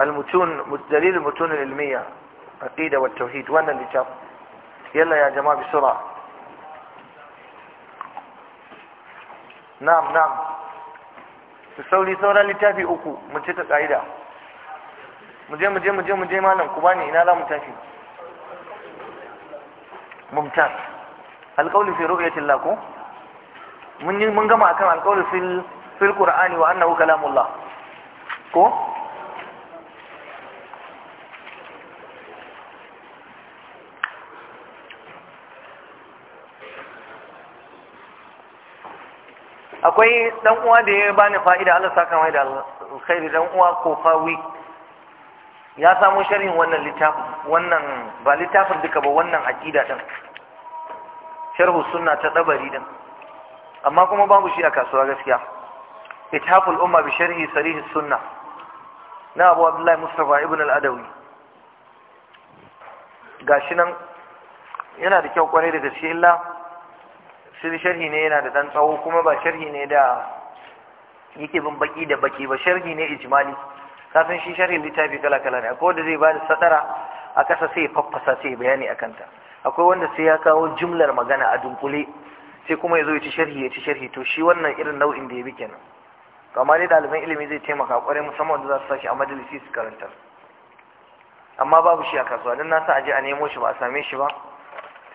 المتون دليل المتون العلمية عقيدة والتوحيد وانا اللي جاب يلا يا جماعة بسرعة نعم نعم sauri sauran littafi uku mu cika ka'ida mu je mu je malam ku bani ina za mu tafi mumtaz alqawli fi ru'yati Allah ko mun gama akan alqawli fil fil qur'ani wa annahu kalamullah ko akwai dan uwa da ya bani fa'ida Allah saka mai da alkhairi dan uwa kofawi ya samu sharhin wannan littafin wannan ba littafin duka ba wannan aqida din sharhu sunna ta dabari din amma kuma babu shi a kasuwa gaskiya ithaful umma bi sharhi sarih sunna na Abu Abdullah Mustafa ibn al-Adawi gashi nan yana da kyau kwarai da gaske illa shi sharhi ne yana da dan tsawo kuma ba sharhi ne da yake bin baki da baki ba sharhi ne ijmali kafin shi sharhin littafi kala kala ne akwai wanda zai ba da sadara a kasa sai ya faffasa sai bayani a kanta. akwai wanda sai ya kawo jumlar magana a dunkule sai kuma ya zo ya ci sharhi ya ci sharhi to shi wannan irin nau'in da ya bi kenan kamar dai ɗaliban ilimi zai taimaka kwarai musamman wanda za su sashi a majalisi su karanta amma babu shi a kasuwa don na sa je a nemo shi ba a same shi ba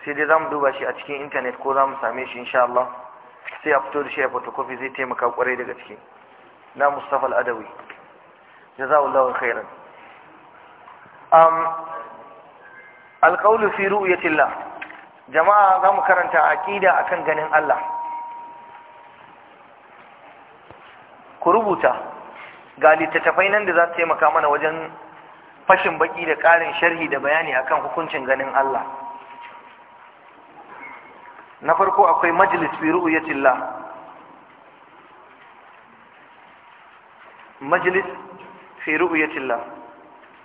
sai dai za mu duba shi a cikin intanet ko za mu same shi insha Allah sai a fito da shi a photocopy zai taimaka kwarai daga ciki na Mustafa Al-Adawi jazakallahu khairan um alqawlu fi ru'yatillah jama'a za mu karanta aqida akan ganin Allah ku rubuta ga littattafai nan da za su taimaka mana wajen fashin baki da ƙarin sharhi da bayani akan hukuncin ganin Allah na farko akwai majlis fi ru'yatillah majlis fi ru'yatillah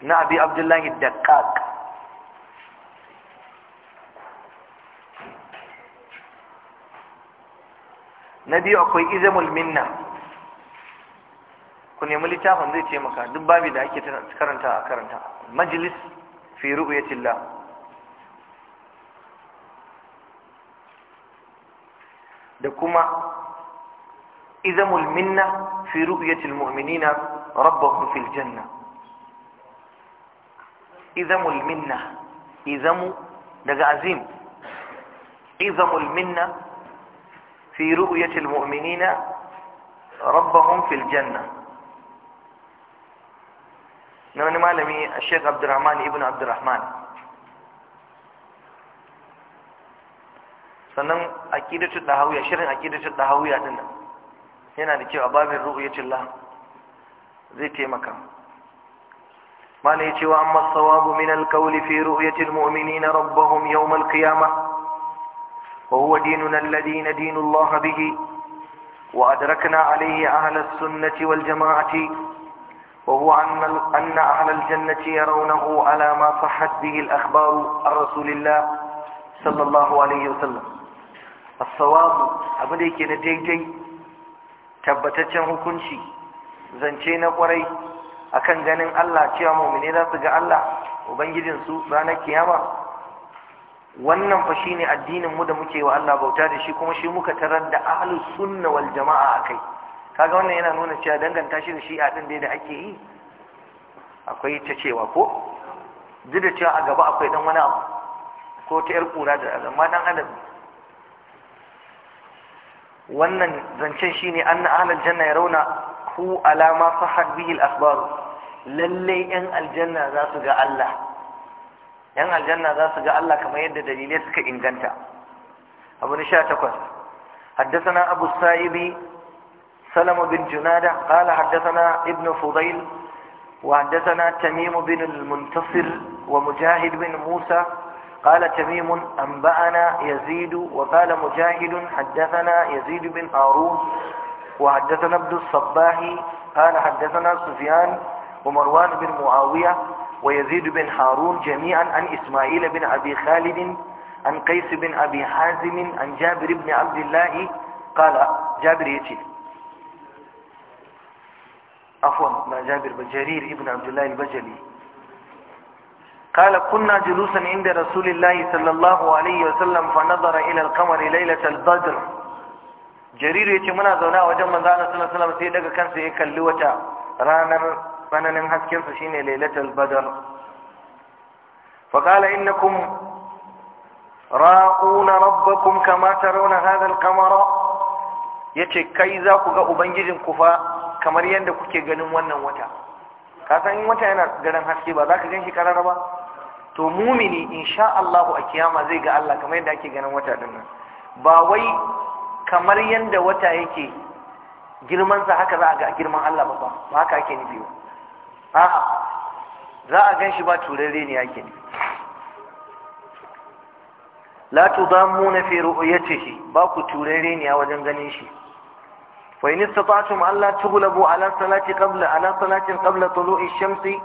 na abi abdullahi daqqaq na biyu akwai izamul minna ku nemi littafin zai taimaka duk babi da ake karanta a karanta majalis fi ru'yatillah da kuma izamul minna fi ru'yatil mu'minina rabbahum fil janna izamul minna izamu daga azim izamul minna fi ru'yatil mu'minina rabbahum fil janna na wani malami a sheik abdurrahman ibn abdurrahman sannan aqidatul dahawiya shirin aqidatul dahawiya din nan yana da cewa babin ru'yatullah zai taimaka mana yace wa amma sawabu min alqawl fi ru'yatil mu'minin rabbahum yawm alqiyamah bihi wa adrakna alayhi الله as وأدركنا wal أهل wa huwa anna anna أن al الجنة yarawnahu ala ma sahhat bihi al-akhbar ar-rasulillah sallallahu alayhi wa sallam Asawabu abu da yake na daidai tabbataccen hukunci zance na kwarai akan ganin Allah cewa mu'mini za su ga Allah ubangijin su ranar kiyama wannan fa shine addinin mu da muke wa Allah bauta da shi kuma shi muka tarar da ahlus sunna wal jama'a akai kaga wannan yana nuna cewa danganta shi da shi'a din da ake yi akwai ta cewa ko duk da cewa a gaba akwai dan wani abu ko ta yar kura da amma dan adam wannan zancen shine anna ahlal janna yarawna hu alama sahad bihi al-akhbar lalle yan aljanna za su ga Allah yan aljanna za su ga Allah kamar yadda dalilai suka inganta abu na 18 haddathana abu sa'ibi سلم بن جنادة قال حدثنا ابن فضيل وحدثنا تميم بن المنتصر ومجاهد بن موسى قال تميم أنبأنا يزيد وقال مجاهد حدثنا يزيد بن هارون وحدثنا ابن الصباح قال حدثنا سفيان ومروان بن معاوية ويزيد بن هارون جميعا عن إسماعيل بن أبي خالد عن قيس بن أبي حازم عن جابر بن عبد الله قال جابر يتي عفوا ما جابر بن جرير بن عبد الله البجلي قال كنا جلوسا عند رسول الله صلى الله عليه وسلم فنظر إلى القمر ليلة البدر جرير يتي منا زونا وجم من ذانا صلى الله عليه وسلم سيدك كان سيكل لوتا رانر فانا نمحس كيف شيني ليلة البدر فقال إنكم راقون ربكم كما ترون هذا القمر يتي كيزا كغا أبنجد كفا كمريان دا كتي غنم ونن وتا kasan in wata yana garin haske ba za ka gan shi karara ba to mumini insha Allahu a kiyama zai ga Allah kamar yadda ake ganin wata din nan ba wai kamar yadda wata yake girman sa haka za a ga girman Allah ba ba haka ake nufi ba a'a za a gan shi ba turare ne yake ne la tudammuna fi ru'yatihi ba ku turare ne a wajen ganin shi fa in istata'tum alla tughlabu ala salati qabla ala salatin qabla tulu'i shamsi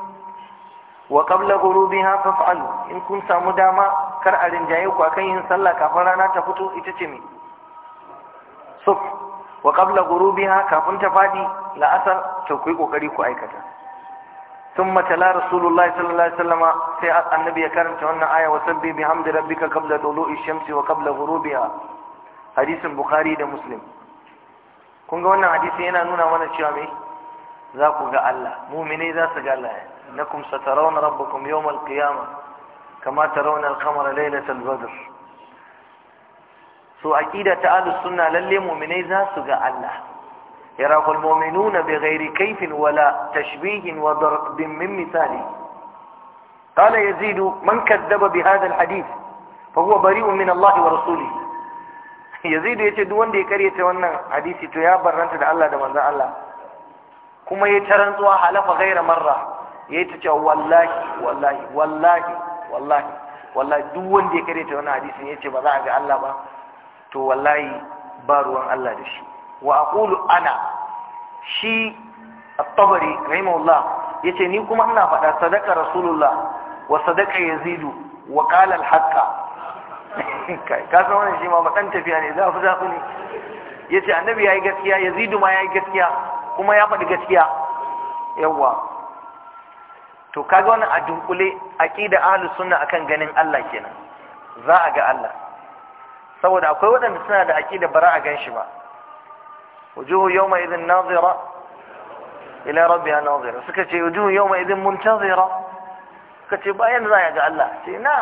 wa qabla ghurubiha faf'al in kun samu dama kar a rinjaye ku kan yin sallah kafin rana ta fito ita ce me suf wa qabla ghurubiha kafin ta fadi la'asar ta kai ku yi ku aikata thumma tala rasulullahi sallallahu alaihi wasallam sai annabi ya karanta wannan aya wa sabbi bihamdi ka qabla tulu'i shamsi wa qabla ghurubiha hadisin bukhari da muslim kun ga wannan hadisi yana nuna mana cewa me za ku ga Allah mu'mini za su ga Allah إنكم سترون ربكم يوم القيامة كما ترون القمر ليلة البدر سو أكيد تعالوا السنة للي مؤمني سجى الله يراه المؤمنون بغير كيف ولا تشبيه وضرب من مثاله قال يزيد من كذب بهذا الحديث فهو بريء من الله ورسوله يزيد يتدون دي كرية karyata wannan hadisi to الله دمان الله كما da حلف غير مرة ya yi ta cewa wallahi wallahi wallahi wallahi wallahi duk wanda ya kare ta wani hadisin ya ce ba za a ga Allah ba to wallahi ba ruwan Allah da shi wa aqulu ana shi at-tabari rahimahullah yace ni kuma ina faɗa sadaka rasulullah wa sadaka yazidu wa qala al-haqqa ka san wannan shi ma ba dan tafiya ne za za ku ne yace annabi yayi gaskiya yazidu ma yayi gaskiya kuma ya faɗi gaskiya yawa to kaga wannan a dunkule aqida ahlus sunna akan ganin Allah kenan za a ga Allah saboda akwai waɗanda suna da aqida bara a ganshi ba wujuhu yawma idhin nazira ila rabbiha nazira suka ce wujuhu yawma idhin muntazira suka ce bayan za a ga Allah sai na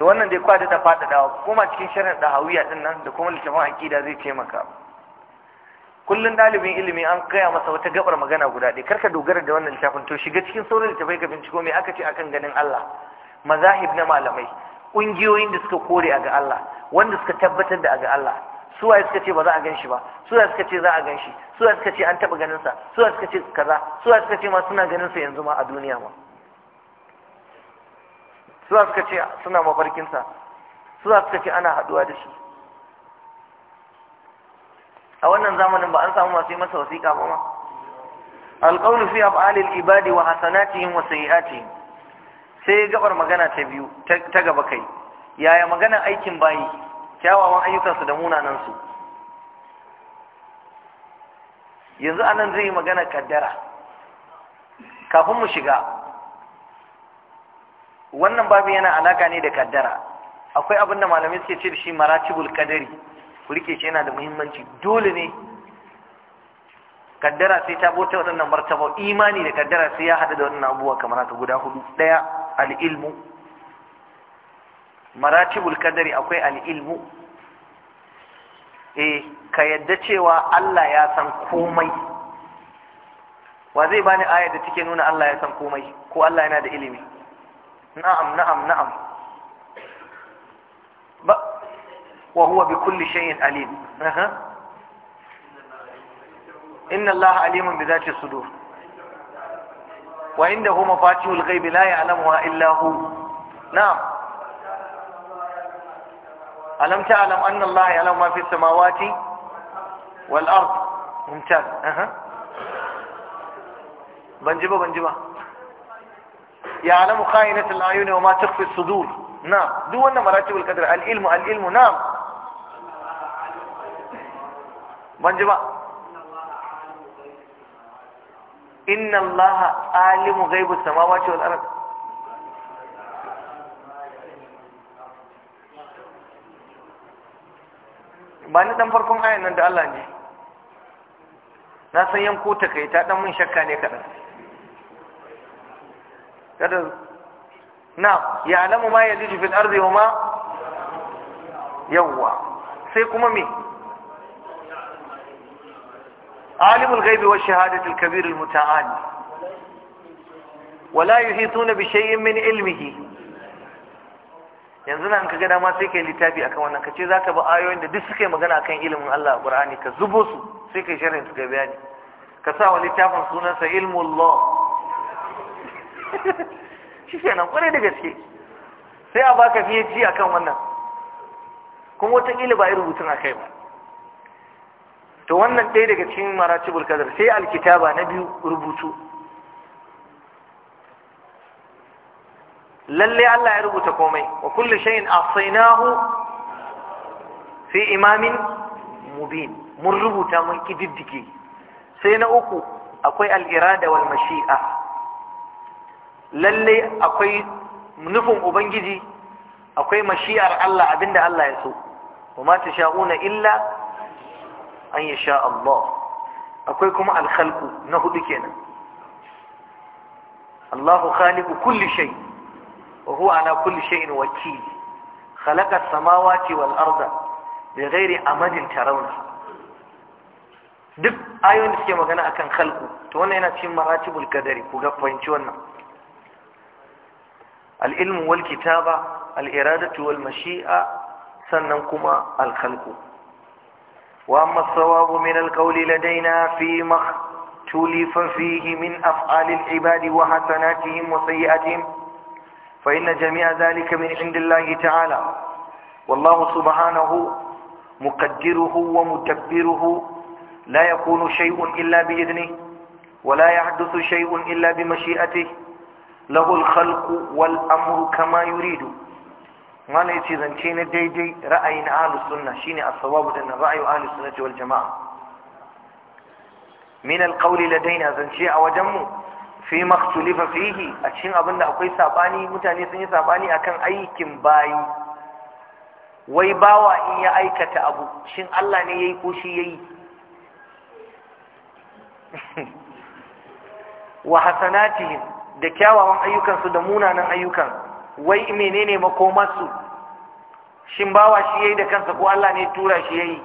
to wannan dai kwada ta fada dawa kuma cikin shirin da hawiya din nan da kuma littafin aqida zai taimaka kullun dalibin ilimi an gaya masa wata gabar magana guda ɗaya karka dogara da wannan littafin to shiga cikin sauran littafai ka binciko me aka ce akan ganin Allah mazahib na malamai ƙungiyoyin da suka kore a ga Allah wanda suka tabbatar da a ga Allah suwaye suka ce ba za a gan shi ba suwaye suka ce za a gan shi suwaye suka ce an taɓa ganin sa suwaye suka ce kaza suwaye suka ce ma suna ganin sa yanzu ma a duniya ma suwaye suka ce suna mafarkin sa suwaye suka ce ana haɗuwa da shi a wannan zamanin ba an samu masu yi masa wasiƙa ba ma fiye fi af'alil ibadi wa hasanatihim wa sayyi'atihim sai gabar magana ta biyu ta gaba kai yaya magana aikin bayi kyawawan ayyukansu da munanan su yanzu anan zai yi magana kaddara kafin mu shiga wannan babu yana alaka ne da kaddara akwai abin da malamai suke ce da shi maratibul kadari ku rike shi yana da muhimmanci dole ne kaddara sai ta bota waɗannan martaba imani da kaddara sai ya haɗu da waɗannan abubuwa kamar haka guda hudu ɗaya al'ilmu maratibul kadari akwai al'ilmu eh ka yadda cewa Allah ya san komai wa zai bani ayar da take nuna Allah ya san komai ko Allah yana da ilimi na'am na'am na'am وهو بكل شيء عليم إن الله عليم بذات الصدور وعنده مفاتيح الغيب لا يعلمها إلا هو نعم ألم تعلم أن الله يعلم ما في السماوات والأرض ممتاز أه. بنجبة بنجبة يعلم خائنة الأعين وما تخفي الصدور نعم دون مراتب القدر العلم العلم نعم Manji ji ba inna Allah alimu ghaibus samawati wal ard ba ni dan farkon ayan nan da Allah ne na san yanko ta kai ta dan mun shakka ne kadan kada na alamu ma yajidu fil ardi wa ma yawwa sai kuma me عالم الغيب والشهادة الكبير المتعال ولا يحيطون بشيء من علمه yanzu nan ka ga dama sai kai littafi akan wannan ka ce zaka bi ayoyin da duk suke magana akan ilimin Allah Qur'ani ka zubo su sai kai sharhin su ga bayani ka sa wa littafin sunan sa sunansa ilmullah shi kenan kware da gaske sai a baka fiye akan wannan kuma wata ba yi rubutun akai ba to wannan ɗaya daga cikin maraci qadar sai alkitaba na biyu rubutu lalle Allah ya rubuta komai wa kulle shay'in ahsaynahu fi imamin mubin mun rubuta mun kididdike sai na uku akwai al-irada wal mashi'a lalle akwai nufin ubangiji akwai mashi'ar Allah abinda Allah ya so wa ma sha'una illa an yi sha Allah akwai kuma alkhalku na hudu kenan Allahu khaliqu kulli shay wa huwa ala kulli shay'in wakil khalaqa as-samawati wal arda bighairi amadin tarawna duk ayoyin da suke magana akan halku, to wannan yana cikin maratibul qadari ku ga fahimci wannan al-ilmu wal kitaba al-iradatu wal mashi'a sannan kuma al-khalqu وأما الصواب من القول لدينا فيما اختلف فيه من أفعال العباد وحسناتهم وسيئاتهم فإن جميع ذلك من عند الله تعالى والله سبحانه مقدره ومدبره لا يكون شيء إلا بإذنه ولا يحدث شيء إلا بمشيئته له الخلق والأمر كما يريد mana yace zance na daidai ra'ayi na ahlus sunna shine sababu da na ra'ayi ahlus ce wal jamaa min al-qawl ladaina zance a wajen mu fi makhtulifa fihi a cikin abinda akwai sabani mutane sun yi sabani akan aikin bayi wai bawa in ya aikata abu shin Allah ne yayi ko shi yayi wa hasanatihim da kyawawan ayyukansu da munanan ayyukan wai menene makomarsu shin bawa shi yayi da kansa ko Allah ne tura shi yayi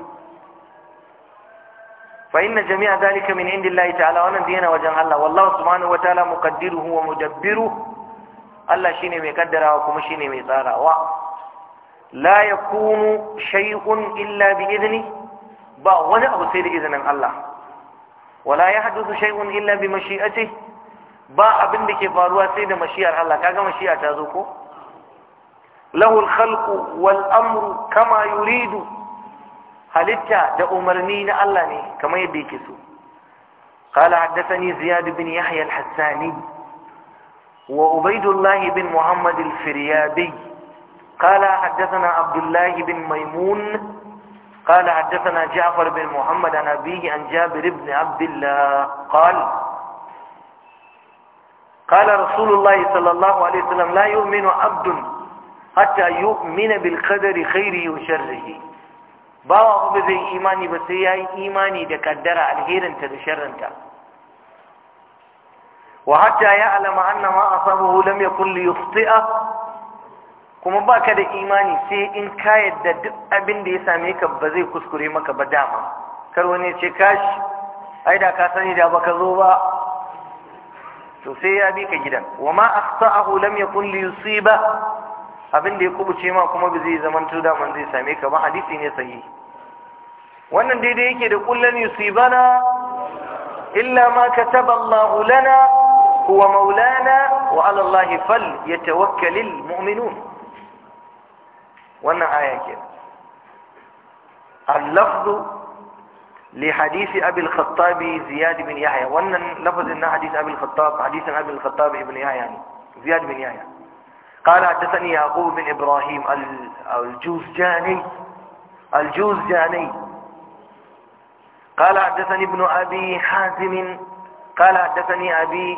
fa inna jami'a zalika min indillahi ta'ala wannan dai yana wajen Allah wallahu subhanahu wataala muqaddiruhu wa mudabbiru. Allah shine mai kaddarawa kuma shine mai tsarawa la yakunu shay'un illa bi idni ba wani abu sai da izinin Allah wala yahduthu shay'un illa bi mashi'atihi ba abin da ke faruwa sai da mashiyar Allah kaga mashiya ta zo ko له الخلق والأمر كما يريد halitta da umarni na Allah ne kamar قال حدثني زياد بن يحيى الحساني وعبيد الله بن محمد الفريابي قال حدثنا عبد الله بن ميمون قال حدثنا جعفر بن محمد عن أبيه عن جابر بن عبد الله قال قال رسول الله صلى الله عليه وسلم لا يؤمن عبد hatta yu'mina Bilkadari qadari khairi wa sharrihi bawa ba zai imani ba sai yayi imani da kaddara alherinta da sharrinta wa hatta ya'lama anna ma asabahu lam yakun li yukhti'a kuma baka da imani sai in ka yadda duk abin da ya same ka ba zai kuskure maka ba dama kar wani ce kashi ai da ka sani da baka zo ba to ya bi ka gidan wa ma akhta'ahu lam yakun li yusiba abin da ya kubuce ma kuma ba zai zaman to da man zai same ka ba hadisi ne sahihi wannan daidai yake da kullan yusibana illa ma kataba Allah lana huwa maulana wa ala Allah fal yatawakkalul mu'minun wannan aya ke al-lafz li hadisi abi al-khattabi ziyad bin yahya wannan lafazin na hadisi abi al-khattab hadisin abi al-khattab ibn yahya ziyad bin yahya قال حدثني يعقوب بن ابراهيم الجوزجاني الجوزجاني قال حدثني ابن ابي حازم قال حدثني ابي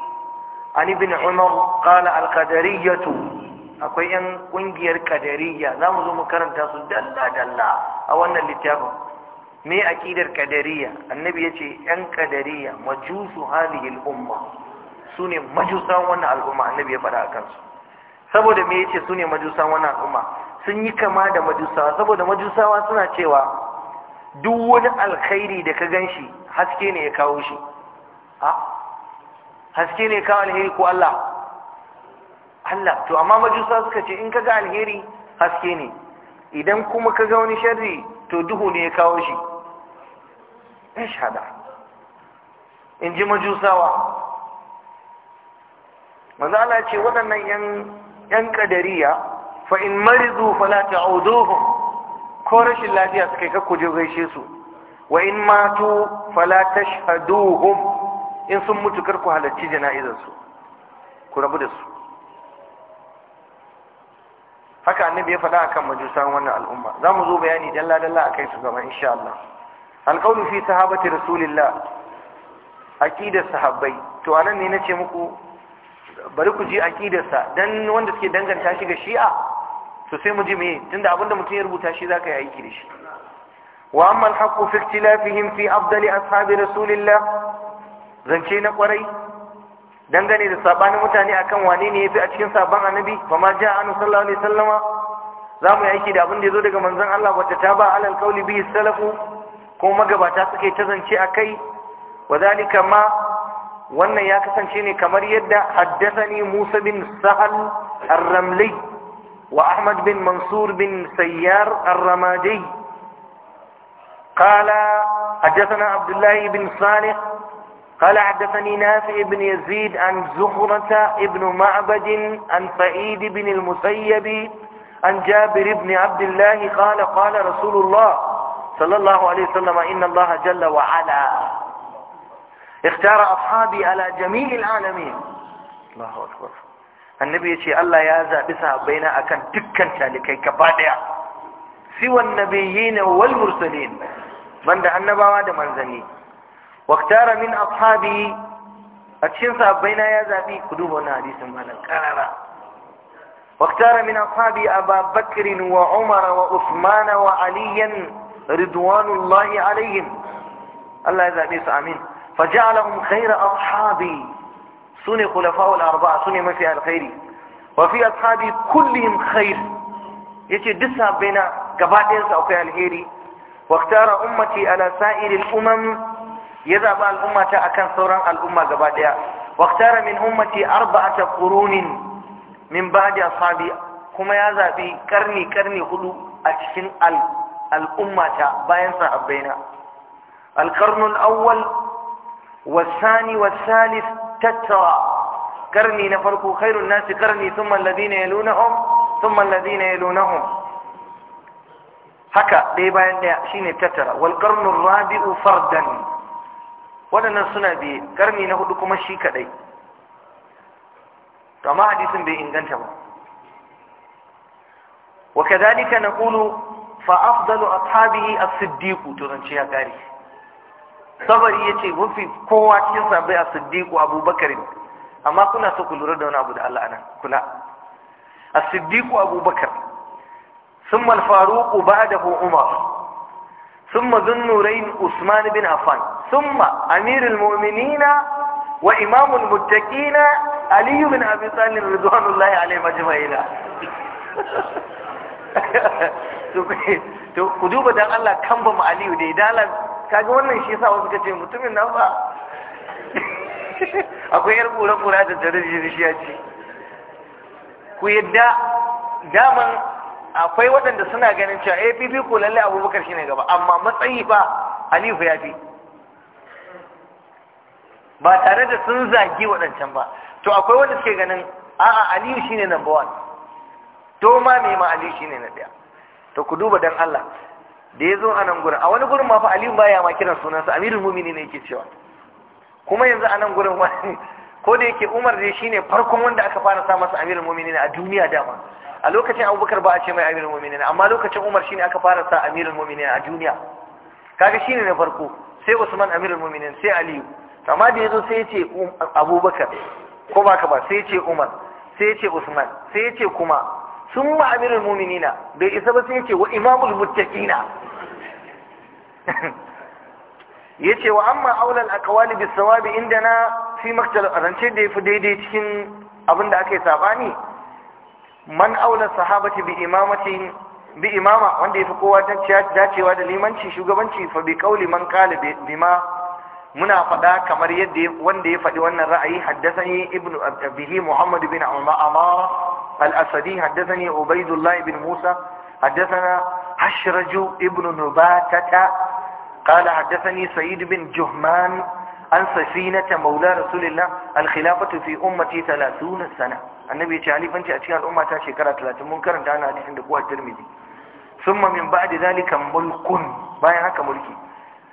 عن ابن عمر قال القدرية ان اكو القدرية لا قدريه نامو مكرنتا سدلا دلا او ان تابع مي اكيد القدرية النبي يجي ين قدريه مجوس هذه الامه سوني مجوسا وانا الامه النبي فدا كانسو saboda me yace su ne majusan wannan al'umma sun yi kama da majusawa saboda majusawa suna cewa duk wani alkhairi da ka gan shi haske ne ya kawo shi haske ne kawo alheri ko Allah Allah to amma majusa suka ce in ka ga alheri haske ne idan kuma ka ga wani sharri to duhu ne ya kawo shi In shada in ji majusawa manzo Allah ce waɗannan yan yan kadariya fa in maridu fala ta'uduhum ko rashin lafiya suka yi kakku je gaishe su wa in matu fala tashhaduhum in sun mutu karku halarci jana'izar su ku rabu da su haka annabi ya faɗa akan majusan wannan al'umma za mu zo bayani dalla dalla kai su gaba insha Allah alqawlu fi sahabati rasulillah aqidar sahabbai to anan ne nace muku bari ku ji aƙidarsa don wanda suke danganta shi ga shi'a Su sai mu ji me tunda abinda mutum ya rubuta shi za ka yi aiki da shi wa amma al lafihin fi fi afdali ashabi rasulillah zance na kwarai dangane da sabanin mutane akan wane ne fi a cikin sabon annabi ba ma ja'a annabi sallallahu alaihi Za mu yi aiki da abinda ya zo daga manzon Allah wata ba alal qawli bihi salafu ko magabata suke ta zance kai wa zalika ma wannan ya kasance ne kamar yadda haddathani Musa bin Sahal ar-Ramli wa Ahmad bin Mansur bin Sayyar ar-Ramadi qala haddathana Abdullah bin Salih قال حدثني نافع بن يزيد عن زهرة بن معبد عن سعيد بن المسيب عن جابر بن عبد الله قال قال رسول الله صلى الله عليه وسلم إن الله جل وعلا اختار أصحابي على جميع العالمين الله أكبر النبي يشي الله يازع بينا أكن تكن تالكي كبادع سوى النبيين والمرسلين من ده النبا واد زني واختار من أصحابي أتشين يا يازع بي قدوبنا حديث مالا كارا واختار من أصحابي أبا بكر وعمر وعثمان وعليا رضوان الله عليهم الله يزعبي امين فجعلهم خير أصحابي سنة خلفاء الأربعة سنة مفي الخير وفي أصحابي كلهم خير يتي دسا بين قبائل سأوكي الهيري واختار أمتي على سائر الأمم يذهب الأمة أكن ثورا الأمة قبائل واختار من أمتي أربعة قرون من بعد أصحابي كما يذهب كرني كرني خلو أتشن الأمة باين صاحبين القرن الأول والثاني والثالث تترى قرني نفرق خير الناس قرني ثم الذين يلونهم ثم الذين يلونهم haka ɗaya bayan ɗaya shine tattara wal rabi'u fardan waɗannan suna biye karni na hudu kuma shi kadai to amma hadisin bai inganta ba wa na Kulu fa afdalu ashabihi a Siddiku, to zan ya kare sabari ya ce mafi kowa cikin sabai a siddiku abubakar amma kuna so ku lura da wani abu da Allah anan kula a siddiku abubakar sun malfaruku ba da umar sun mazun nurain usman bin affan sun ma amirul mu'minina wa imamul muttaqina aliyu bin abi talib ridwanullahi alaihi majma'ina to ku duba dan Allah kan ba mu aliyu da idalan kaga wannan shi yasa wasu kace mutumin nan ba akwai yar kura kura da jarabi da shi ya ce ku yadda daman akwai waɗanda suna ganin cewa APP ko lalle Abubakar shine gaba amma matsayi ba Halifu ya fi ba tare da sun zagi waɗancan ba to akwai wanda suke ganin a'a Aliyu shine number 1 to ma me ma Aliyu shine na daya to ku duba dan Allah da ya zo a nan gurin a wani gurin ma fa aliyu baya ma kiran sunansa amirul mumini ne yake cewa kuma yanzu a nan gurin wani ko da yake umar dai shine farkon wanda aka fara sa masa amirul mumini a duniya dama a lokacin abubakar ba a ce mai amirul mumini amma lokacin umar shine aka fara sa amirul mumini a duniya kaga shine na farko sai usman amirul mumini sai aliyu amma da ya zo sai ya ce abubakar ko ba ka ba sai ya ce umar sai ya ce usman sai ya ce kuma sun ma amirul muminina bai isa ba sai ya wa imamul muttaqina ya ce wa amma aulal aqwali bis sawabi indana fi maktal arance da yafi daidai cikin abin da aka yi sabani man aula sahabati bi imamati bi imama wanda yafi kowa ta dacewa da limanci shugabanci fa bi qauli man qala bima muna faɗa kamar yadda wanda ya faɗi wannan ra'ayi haddasani ibnu Abdullahi, muhammad bin amara الأسدي حدثني عبيد الله بن موسى حدثنا حشرج ابن نباتة قال حدثني سيد بن جهمان عن سفينة مولى رسول الله الخلافة في أمتي ثلاثون سنة النبي تعالى فانت أتيها الأمة تاشي كرة ثلاثة منكر دعنا حديث عند قوة الترمذي ثم من بعد ذلك ملك باين هكا ملكي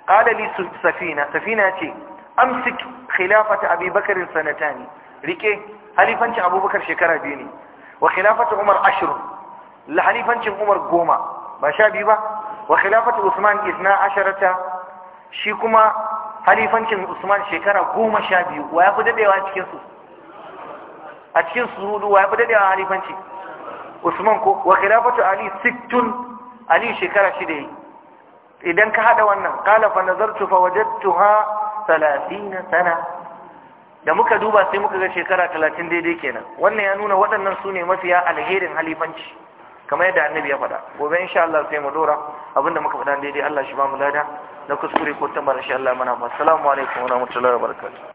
قال لي سفينة سفينة تي أمسك خلافة أبي بكر سنتان ركي هل فانت أبو بكر شكرة ديني wa khilafatu umar ashru lahanifancin umar goma ba sha biyu ba wa khilafatu usman isna asharata shi kuma halifancin usman shekara goma sha biyu wa ya fi dadewa a cikin su a cikin su hudu wa ya fi dadewa halifanci usman ko wa khilafatu ali sittun ali shekara idan ka hada wannan kala fa nazartu fa wajadtuha 30 sana da muka duba sai muka ga shekara talatin daidai kenan wannan ya nuna waɗannan su ne mafiya alherin halifanci kamar yadda annabi ya faɗa gobe insha Allah sai mu dora abinda muka faɗa daidai Allah shi ba mu lada na kuskure ko tambara insha Allah mana assalamu alaikum wa rahmatullahi wa barakatuh